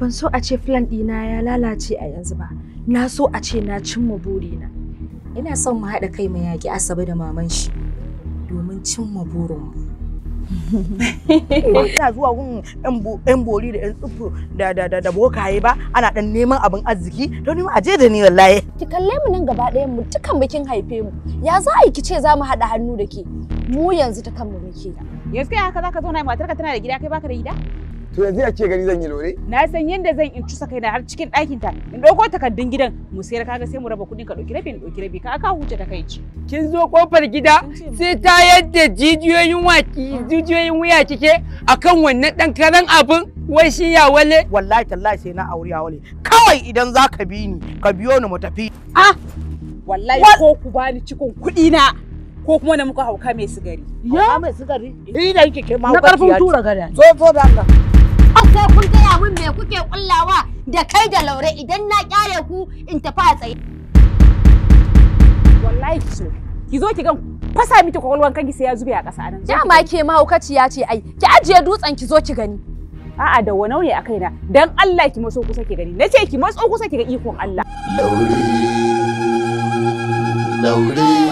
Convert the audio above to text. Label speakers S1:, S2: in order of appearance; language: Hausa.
S1: ban so a ce plan ɗina ya lalace a yanzu ba na so a ce na cimma burina ina son mu haɗa kai mu yaƙi asabe da maman shi domin cimma burinmu
S2: ina zuwa gun yan bori da yan tsufu da da da bokaye ba ana dan neman abin arziki don neman aje da ni wallahi
S1: ki kalle mu nan gaba ɗayan mu dukan bikin haife mu ya za a yi ki ce za mu haɗa hannu da ke mu yanzu ta mu muke
S3: yanzu kai haka zaka zauna matarka tana da gida kai baka da gida To yanzu ya ce gani zan yi lore? Na san yadda zan in cusa kaina har cikin ɗakin ta. In ɗauko takardun gidan mu sayar kaga sai mu raba kuɗin ka ɗauki rabi in ɗauki rabi ka aka huce takaici.
S2: Kin zo kofar gida sai ta yadda jijiyoyin waki jijiyoyin wuya kike akan wannan ɗan karan abin wai shi ya wale. Wallahi tallahi sai na aure ya wale. Kawai idan za ka bi ni ka biyo ni mu tafi. Ah wallahi ko ku bani cikin kuɗi na. ko kuma na muka hauka mai sigari. Ya? Hauka mai sigari? Eh. Ni
S1: yake
S3: ke ma Na ƙarfin tura gada. Zo zo da Allah. sai kun gaya min me kuke kullawa da kai da laure idan na kyare ku in tafi a tsaye. Wallahi ki so, ki zo ki gan fasa miki kwakwalwan kanki sai ya zube a ƙasa nan. Dama ke mahaukaciya ce ai, ki ajiye dutsen ki zo ki gani. A'a da wani ne a kaina, dan Allah ki maso kusa ki gani, na ce ki maso kusa ki ga ikon Allah.
S1: Laure, laure.